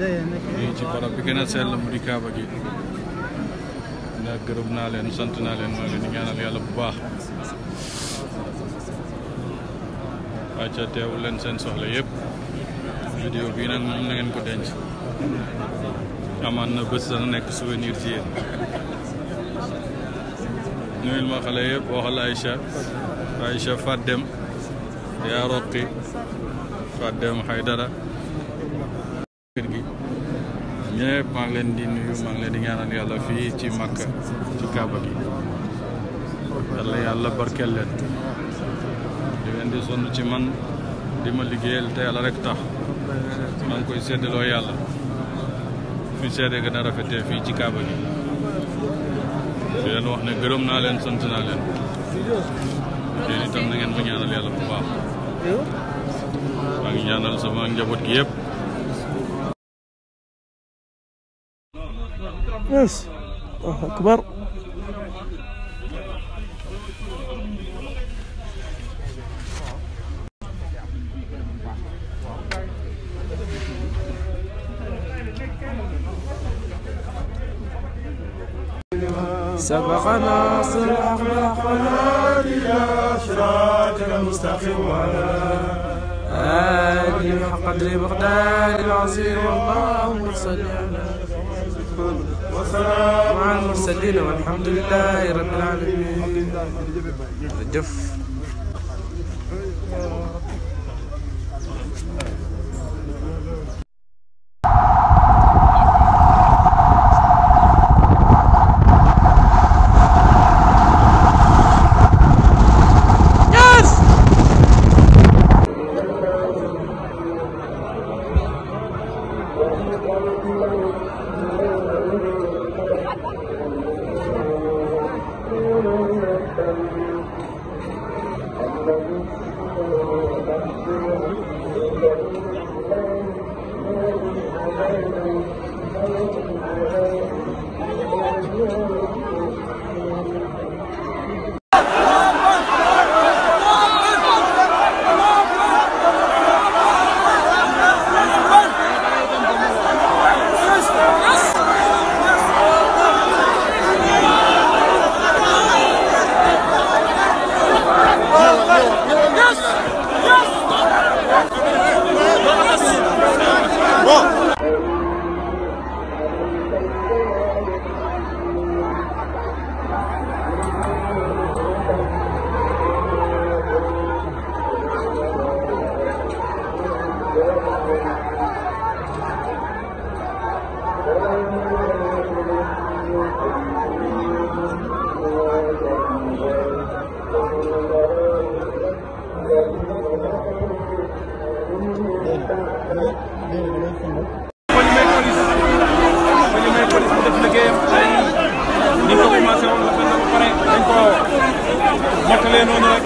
ci barab bi gën sell mu di kaaba gi na gërëm naa leen sant naa leen maa leen ñaanal yàlla bu baax acca teew leen seen soxla yépp na ngeen ko denc na nekk souvenir ci yéen nuyul ma xale yépp waxal Aïcha Aïcha Fat ya Haydara kër gi ñëpp maa ngi leen di nuyu maa ngi leen di ñaanal yàlla fii ci ci kaaba gi yàlla yàlla leen di leen di sonn ci man di ma liggéeyal te yàlla rek tax maa ngi koy seddaloo yàlla fi seede gën a rafetee fii ci kaaba gi di leen wax ne gërëm naa leen sant naa leen yéen itam na ngeen ma ñaanal yàlla bu baax maa ngi ñaanal sama njaboot gi yëpp يس الله أكبر سبقنا ناصر أخلاقنا إلى صراط المستقيم على هادي حق قدر بغداد العصير اللهم صل على والسلام مع المرسلين والحمد لله رب العالمين جف Thank you. どうも。ni ko commencé woon la ko pare dañ ko mottalee noonu rek